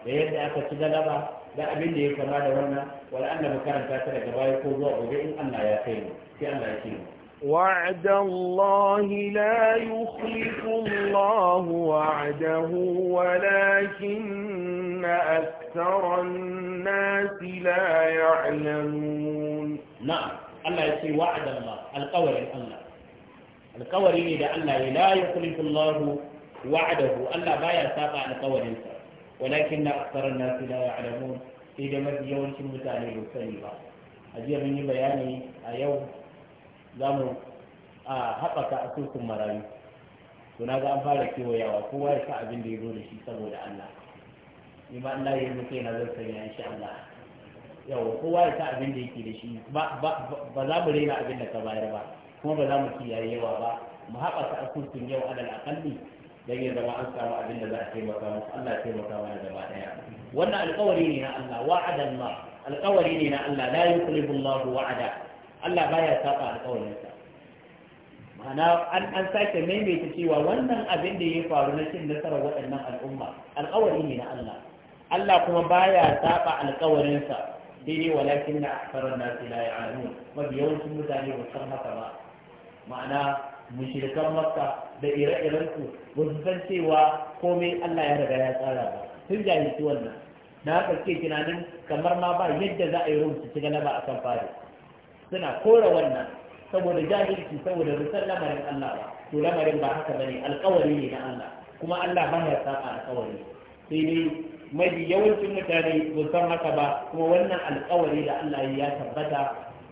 yadda aka ci galaba da abin da ya kama da wannan wala Allah mu ta daga baya ko zuwa gobe in Allah ya kai mu sai Allah ya mu وعد الله لا يخلف الله وعده ولكن أكثر الناس لا يعلمون نعم الله يسي وعد الله القول الله القول إذا الله لا يخلف الله وعده الله بايا ساقع القول إنسان walakin na aksarar nasu la ya'lamun sai da yawancin mutane ba sani ba a jiya mun yi bayani a yau za mu a haɓaka asusun marayu to na ga an fara kewayawa kowa ya sa abin da ya zo da shi saboda Allah ni ma Allah na zan sanya insha Allah yau kowa ya sa abin da yake da shi ba za mu raina abin da ka bayar ba kuma ba za mu kiyaye yawa ba mu haɓaka asusun yau alal aƙalli dan ya zama an samu abin da za a taimaka musu Allah ya taimaka mana gaba daya wannan alƙawari ne na Allah wa'adan ma. alƙawari ne na Allah la yukhlifu Allah wa'ada Allah baya saba alƙawarinsa ma'ana an an sake maimaita cewa wannan abin da ya faru na cin nasarar waɗannan al'umma alƙawari ne na Allah Allah kuma baya saba alƙawarinsa daidai walakin na aksarar nasi la ya'lamun mafi yawancin mutane ba san haka ba ma'ana mushrikan makka da ire irensu su ba su san cewa komai Allah ya riga ya tsara ba sun jahilci wannan na haka tunanin kamar ma ba yadda za a yi rum su ci galaba a kan fari suna kora wannan saboda jahilci saboda rusar lamarin Allah ba to lamarin ba haka bane alƙawari ne na Allah kuma Allah ba ya saba alƙawari sai dai mai yawancin mutane ba san haka ba kuma wannan alƙawari da Allah ya tabbata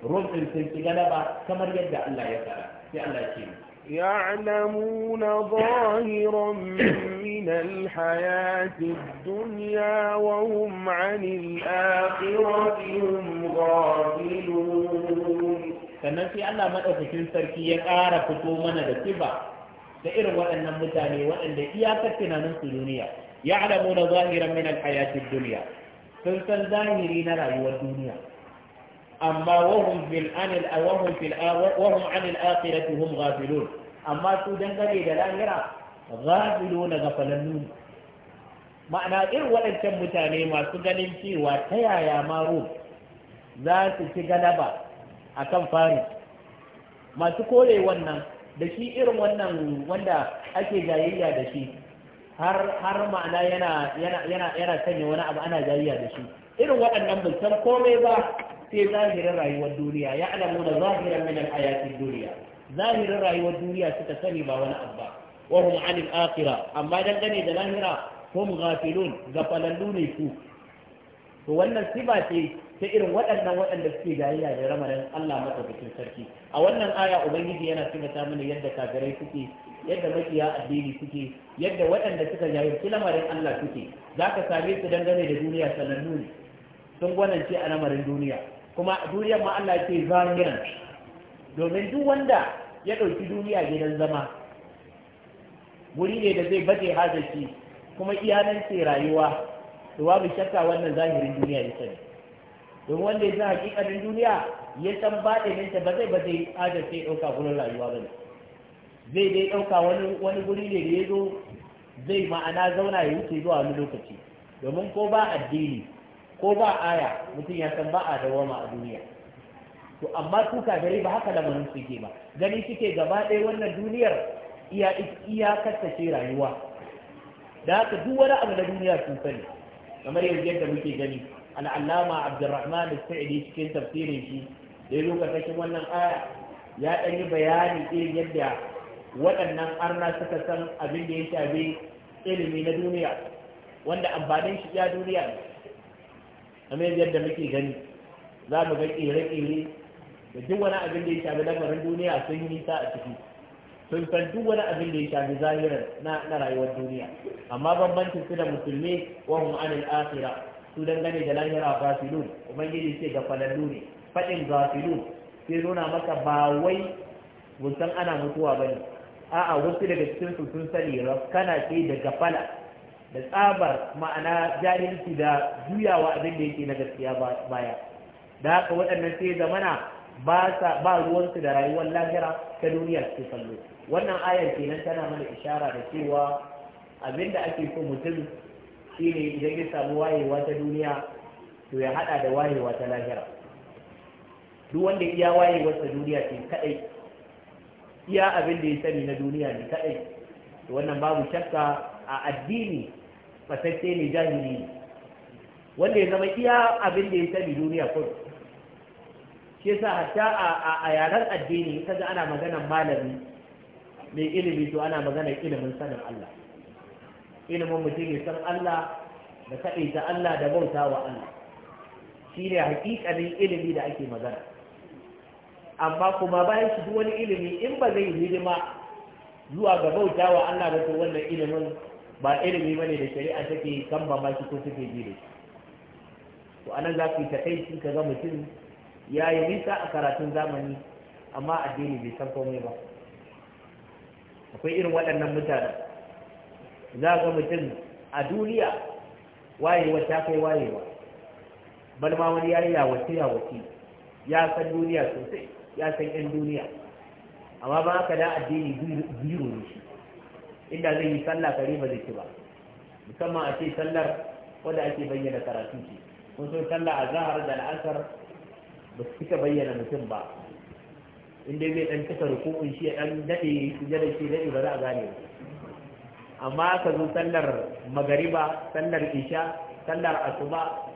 rum sun ci galaba kamar yadda Allah ya tsara sai Allah ya ce يعلمون ظاهرا من الحياة الدنيا وهم عن الآخرة هم غافلون sannan sai Allah maɗaukakin sarki ya ƙara fito mana da kiba da irin waɗannan mutane waɗanda iyakar tunanin su duniya ya alamu na zahiran min alhayatid duniya sun san zahiri na rayuwar duniya amma wahum bil anil wahum fil wahum anil akhirati hum ghafilun amma su dangane da lahira ghafilun ghafalannu ma'ana irin waɗancan mutane masu ganin cewa ta yaya ma za su ci galaba akan Fari. masu kore wannan da shi irin wannan wanda ake jayayya da shi har ma'ana yana sanya wani abu ana jayayya da shi irin waɗannan bai komai ba sai zahirin rayuwar duniya ya alamu da zahiran min alhayatin duniya zahirin rayuwar duniya suka sani ba wani abu ba wa hum anil akhirah amma dangane da lahira hum ghafilun gafalallu ne ku, to wannan siba ce ta irin waɗannan waɗanda suke jayayya da ramadan Allah madaukakin sarki a wannan aya ubangiji yana ta mana yadda kagarai suke yadda makiya addini suke yadda waɗanda suka jayayyaci lamarin Allah suke Za ka same su dangane da duniya sanannu ne sun gwanance a lamarin duniya kuma a duniyar ma Allah ce zahiran domin duk wanda ya ɗauki duniya gidan zama wuri ne da zai baje hazashi kuma iyanan ce rayuwa to babu shakka wannan zahirin duniya ya sani domin wanda ya san hakikanin duniya ya san ta ba zai baje hazashi ɗauka gurin rayuwa ba ne zai dai ɗauka wani guri ne da ya zo zai ma'ana zauna ya wuce zuwa wani lokaci domin ko ba addini ko ba aya mutum ya san ba a dawama a duniya to amma su kafirai ba haka lamarin suke ba gani suke gaba ɗaya wannan duniyar iya iya kattace rayuwa da haka duk wani abu na duniya sun sani kamar yau yadda muke gani al'allama abdurrahman sa'idi cikin tafsirin shi da lokacin wannan aya ya ɗan yi bayani irin yadda waɗannan arna suka san abin da ya shafi ilimi na duniya wanda amfanin shi ya duniya kamar yadda muke gani za mu ga ƙere-ƙere da duk wani abin da ya shafi lamarin duniya sun yi nisa a ciki sun san duk wani abin da ya shafi zahirar na rayuwar duniya amma bambancin su da musulmi wa mu anil akhirah su dangane da lahira kuma ubangiji ce ga falallu ne fadin gafilun sai nuna maka ba wai mun san ana mutuwa bane a'a wasu daga cikin su sun sani Kana ce daga fala. da tsabar ma'ana jahilci da juyawa abin da yake na gaskiya baya da haka waɗannan sai zamana ba sa ba ruwansu da rayuwar lahira ta duniya su kallo wannan ayar kenan tana mana ishara da cewa abin da ake so mutum shine idan ya samu wayewa ta duniya to ya hada da wayewa ta lahira duk wanda iya wayewa ta duniya ce kadai iya abin da ya sani na duniya ne kadai to wannan babu shakka a addini fatacce ne jahili ne wanda ya zama iya abin da ya sani duniya kudu shi yasa hatta a yaren addini kaga ana magana malami mai ilimi to ana maganar ilimin sanin Allah ilimin mutum ya san Allah da kaɗaita Allah da bauta wa Allah shi ne hakikalin ilimi da ake magana amma kuma bayan shi duk wani ilimi in ba zai yi hidima zuwa ga bautawa Allah da to wannan ilimin ba ilimi bane da shari'a take kan ba shi ko take ji da shi to anan za ku yi takaici ka ga mutum ya yi nisa a karatun zamani amma addini bai san komai ba akwai irin waɗannan mutane za ga mutum a duniya wayewa ta kai wayewa bal ma wani ya yi yawace yawace ya san duniya sosai ya san 'yan duniya amma ba ka da addini biro ne shi inda zai yi sallah kare ba zai ci ba musamman a ce sallar wadda ake bayyana karatu ce kun so sallah a zahar da al'asar ba su cika bayyana mutum ba inda zai dan kasar hukumin shi ya dan daɗe da shi daɗe ba za a gane amma ka zo sallar magariba sallar isha sallar asuba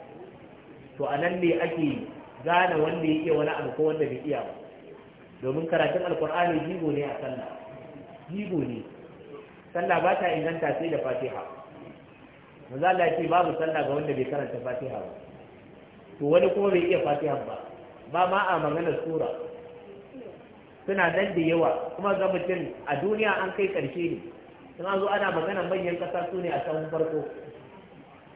to a nan ne ake gane wanda ya iya wani abu ko wanda bai iya ba domin karatun alkur'ani jigo ne a sallah jigo ne sallah ba ta inganta sai da fatiha manzo Allah ya ce babu sallah ga wanda bai karanta fatiha ba to wani kuma bai iya fatiha ba ba ma a maganar sura suna nan da yawa kuma ga mutum a duniya an kai karshe ne sun an zo ana maganar manyan kasa su ne a sahun farko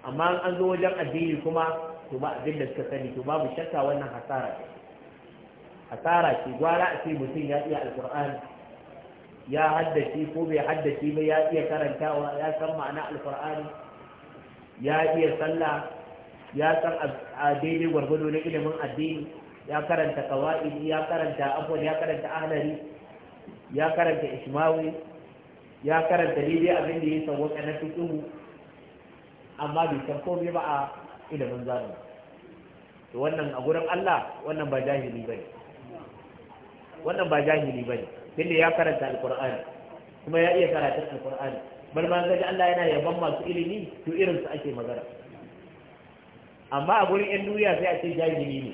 amma an zo wajen addini kuma to ba abin da suka sani to babu shakka wannan hasara hasara ce gwara a ce mutum ya iya alkur'ani ya haddace ko bai haddace ba ya iya karantawa ya san ma'ana alkur'ani ya iya sallah ya san a daidai gwargwado na ilimin addini ya karanta kawa'idi ya karanta afwan ya karanta ahlari ya karanta ismawi ya karanta daidai abin da ya sauwaka na fiqhu amma bai san komai ba a ilimin zamani to wannan a gurin Allah wannan ba jahili bane wannan ba jahili bane tunda ya karanta alkur'ani kuma ya iya karatun alkur'ani bal ma gaji Allah yana yaban masu ilimi to irin su ake magana amma a gurin yan duniya sai a ce jahili ne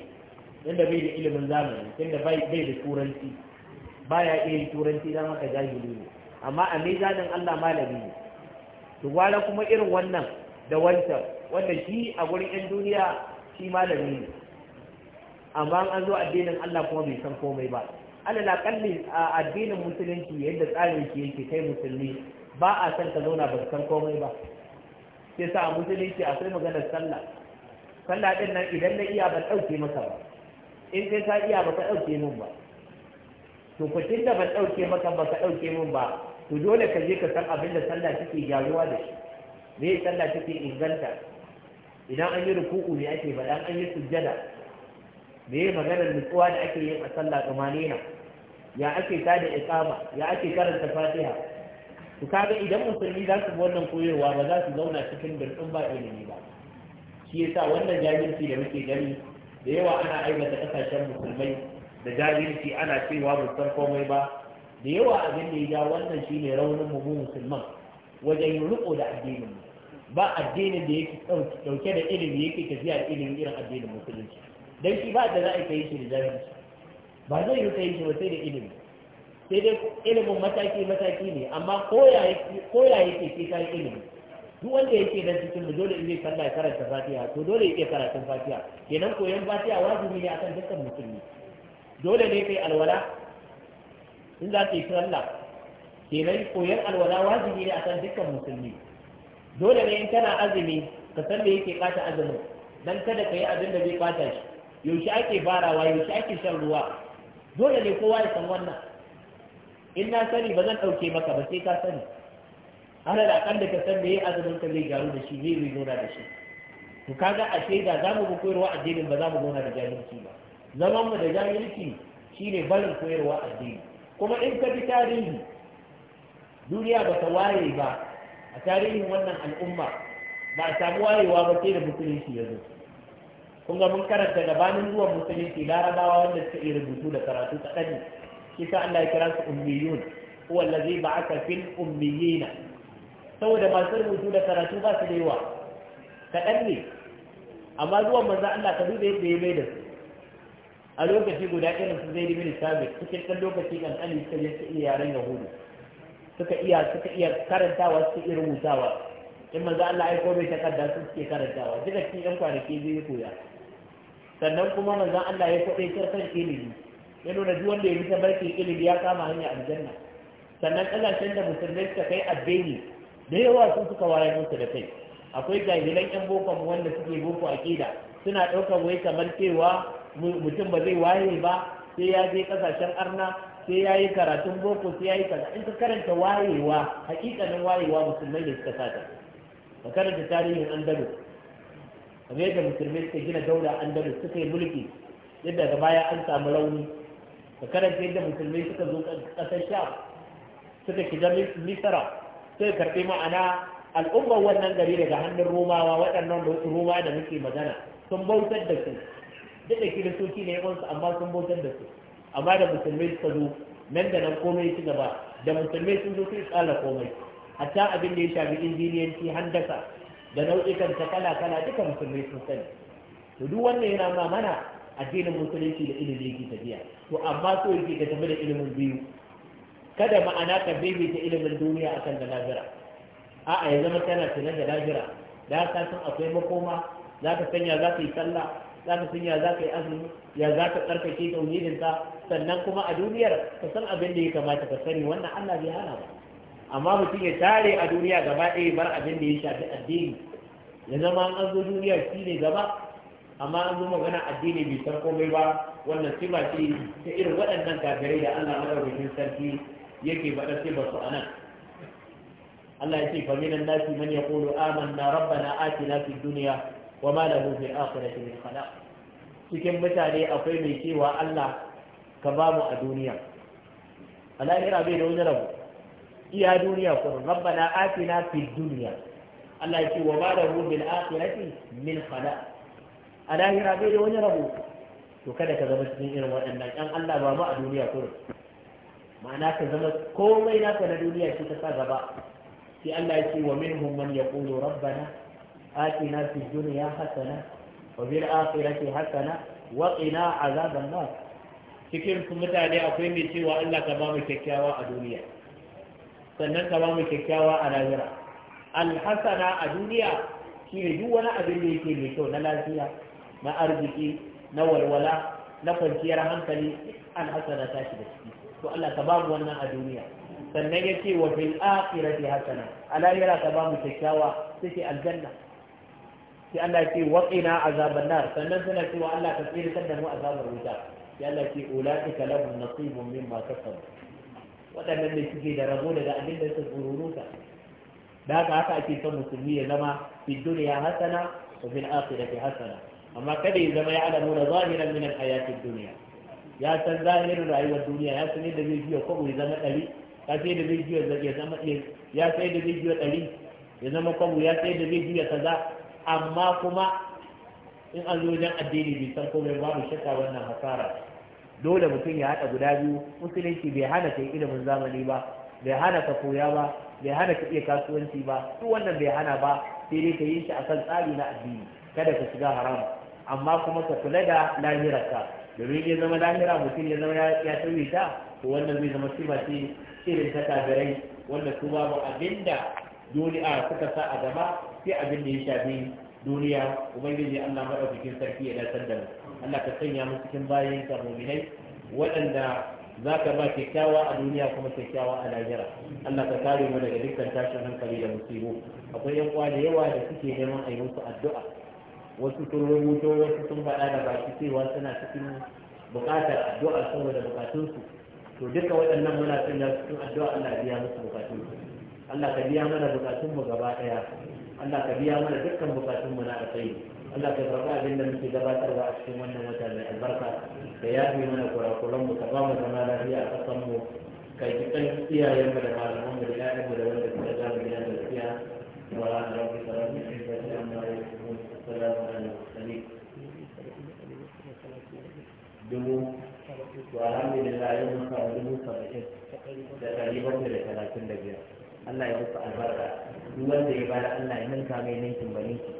inda bai da ilimin zamani inda bai da turanci baya iya turanci dan haka jahili ne amma a mizanin Allah malami ne to gwara kuma irin wannan da wancan wanda shi a gurin yan duniya shi malami ne amma an zo addinin Allah kuma bai san komai ba alal akalli a addinin musulunci yadda tsarin shi yake kai musulmi ba a san ka zauna ba san komai ba sai sa musulunci akwai maganar sallah sallah din nan idan na iya ban dauke maka ba in sai sa iya ba ka dauke min ba to tin da ban dauke maka ba ka dauke min ba to dole ka je ka san abin da sallah take gyaruwa da shi me sallah take inganta idan an yi ruku'u ne ake dan an yi sujjada me maganar nutsuwa da ake yin a sallah tsamanina ya ake da iqama ya ake karanta fatiha to kaga idan musulmi za su wannan koyarwa ba za su zauna cikin birnin ba ilimi ba shi yasa wannan jahilci da muke gani da yawa ana aibata kasashen musulmai da jahilci ana cewa ba san komai ba da yawa abin da ya wannan shine raunin mu musulman wajen riko da addinin mu ba addinin da yake dauke da ilimi yake tafiya da ilimin irin addinin musulunci dan shi ba da za a kai shi da jahilci ba zai yi ta yi ba sai da ilimi sai dai ilimin mataki mataki ne amma koya yake ke ka ilimi duk wanda yake dan cikin mu dole in zai sallah karanta fatiha to dole yake karatun fatiha kenan koyon fatiha wajibi ne akan dukkan musulmi dole ne kai alwala in za ka yi sallah kenan koyon alwala wajibi ne akan dukkan musulmi dole ne in kana azumi ka san me yake kata azumin dan kada ka yi abin da zai bata shi yaushe ake barawa yaushe ake shan ruwa dole ne kowa ya san wannan in na sani ba zan ɗauke maka ba sai ka sani ana da kan da ka san da ya azumin ka zai gyaru da shi zai zai zauna da shi to kaga a shaida za mu bi koyarwa addinin ba za mu zauna da jahilci ba zaman mu da jahilci shine barin koyarwa addini kuma in ka bi tarihi duniya ba ta waye ba a tarihin wannan al'umma ba a samu wayewa ba sai da musulunci ya zo kun ga mun karanta gabanin zuwan musulunci larabawa wanda suka yi rubutu da karatu kaɗan shi sa Allah ya kira su ummiyun huwa allazi ba'atha fil ummiyina saboda masu rubutu da karatu ba su da yawa kaɗan ne amma zuwan manzo Allah ka duba yadda ya mai da su a lokaci guda irin su zai bin sabit cikin ɗan lokaci kan ali suka je su iya yaren yahudu suka iya suka iya karantawa suka iya rubutawa in manzo Allah ya kome takarda su suke karantawa duka cikin ɗan kwanaki zai koya sannan kuma manzon Allah ya faɗe kan ilimi ya nuna duk wanda ya bi tabarkin ilimi ya kama hanya aljanna sannan kasashen da musulmai suka kai addini da yawa sun suka waye musu da kai akwai jahilan yan bokon wanda suke boko akida suna ɗaukar wai kamar cewa mutum ba zai waye ba sai ya je ƙasashen arna sai ya yi karatun boko sai ya yi kaza in ka karanta wayewa hakikanin wayewa musulmai ne suka sata ka karanta tarihin andalus kamar yadda musulmi suka gina daula andalus suka yi mulki yadda ga baya an samu rauni ka karanta yadda musulmi suka zo ƙasar sha suka shiga misira, sai karɓi ma'ana al'ummar wannan gari daga hannun romawa waɗannan roma da muke magana sun bautar da su duk da kiristoci ne yawansu amma sun bautar da su amma da musulmi suka zo nan da nan komai ci gaba da musulmi sun zo sun tsala komai hatta abin da ya shafi injiniyanci handasa da nau'ikan ta kala kala duka musulmai sun sani to duk wannan yana ma mana addinin musulunci da ilimi yake tafiya to amma so yake ka tafi da ilimin biyu kada ma'ana ka bebe ta ilimin duniya akan da a a'a ya zama tana tunan da lajira da ka san akwai makoma za ka sanya za ka yi sallah za ka sanya za ka yi azumi ya za ka tsarkake tauhidinka sannan kuma a duniyar ka san abin da ya kamata ka sani wannan Allah bai hana ba amma mutum ya tare a duniya gaba ɗaya bar abin da ya shafi addini ya zama an zo duniya shi ne gaba amma an zo magana addini bai san komai ba wannan sima ce ta irin waɗannan kafirai da Allah madaukakin sarki yake faɗa sai ba su anan Allah ya ce fa minan nasi man yaqulu amanna rabbana atina fid dunya wa ma lahu fil akhirati min khalaq cikin mutane akwai mai cewa Allah ka ba mu a duniya a lahira bai da wani rabu iya duniya kun rabbana atina fid dunya Allah ya ce wa bada lahu bil akhirati min khala a lahira bai da wani rabu. to kada ka zama cikin irin waɗannan ɗan Allah ba mu a duniya kurin ma'ana ka zama komai naka na duniya shi ka sa gaba sai Allah ya ce wa minhum man yaqulu rabbana atina fid dunya hasana wa bil akhirati hasana wa qina azaban nar cikin mutane akwai mai cewa Allah ka ba mu kyakkyawa a duniya sannan ka ba mu kyakkyawa a lahira Alhassana a duniya shi ne duk wani abin da yake mai kyau na lafiya na arziki na walwala na kwanciyar hankali Alhassana ta da ciki to Allah ka ba mu wannan a duniya sannan ya ce wa fil akhirati hasana a lahira ka ba mu kyakkyawa sai aljanna sai Allah ce waqina azaban nar sannan suna cewa Allah ka tsirkar da mu azabar wuta sai Allah ce ulaika lahum nasibun mimma kasabu waɗannan ne suke da rabo daga abin da suka ta da haka haka ake son musulmi ya zama fi duniya hasana wa fil akhirati hasana amma kada ya zama ya alamu da zahiran min al hayatid dunya ya san zahirin rayuwar duniya ya san yadda zai biya kwabo ya zama ɗari ya san yadda zai biya ya zama ya san yadda zai biya ɗari ya zama kwabo ya san yadda zai biya kaza amma kuma in an zo wajen addini bai san komai babu shakka wannan hasara dole mutum ya haɗa guda biyu musulunci bai hana yi ilimin zamani ba bai hana ka koya ba bai hana ka iya kasuwanci ba duk wannan bai hana ba sai dai ka yi shi akan tsari na addini kada ka shiga haram amma kuma ka kula da lahirarka domin ya zama lahira mutum ya zama ya sauye ta to wannan zai zama sifa ce irin ta kafirai wanda su babu abinda duniya suka sa a gaba sai abin da ya shafi duniya ubangiji Allah madaukakin sarki ya dasar da mu Allah ka sanya mu cikin bayan ka mu'minai waɗanda za ka ba kyakkyawa a duniya kuma kyakkyawa a lahira Allah ka kare mu daga dukkan tashin hankali da musibo akwai yan uwa da yawa da suke neman a yi musu addu'a wasu sun rubuto wasu sun faɗa da baki cewa suna cikin buƙatar addu'a saboda buƙatunsu to duka waɗannan muna sanya cikin addu'a Allah biya musu buƙatunsu Allah ka biya mana buƙatunmu gaba ɗaya Allah ka biya mana dukkan buƙatunmu na alkhairi Allah ta karɓi abin da muke gabatarwa a cikin wannan wata mai albarka da ya fi mana kurakuran mu ka ba mu zama lafiya a ƙasan mu ka yi ɗan iyayen mu da malaman mu da ƴaƴan mu da wanda suka ga mu da gaskiya wa ana rabbi sallallahu alaihi wa sallam wa mu ala mursalin dubu to alhamdulillah yau mun samu dubu saba'in da ɗari bakwai da talatin da biyar Allah ya muku albarka duk wanda ya bada Allah ya ninka mai ninkin ba ninkin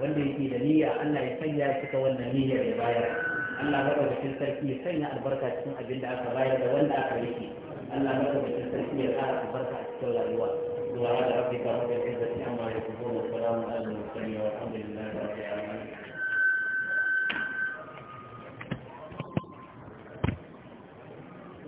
wanda yake da niyya Allah ya sanya cika wannan niyyar ya bayar Allah madaukakin sarki ya sanya albarka cikin abin da aka bayar da wanda aka rike Allah madaukakin sarki ya ƙara albarka a cikin rayuwa zuwa ga rabbika rabbil izzati amma yasifun wa salamun alal mursalin walhamdulillah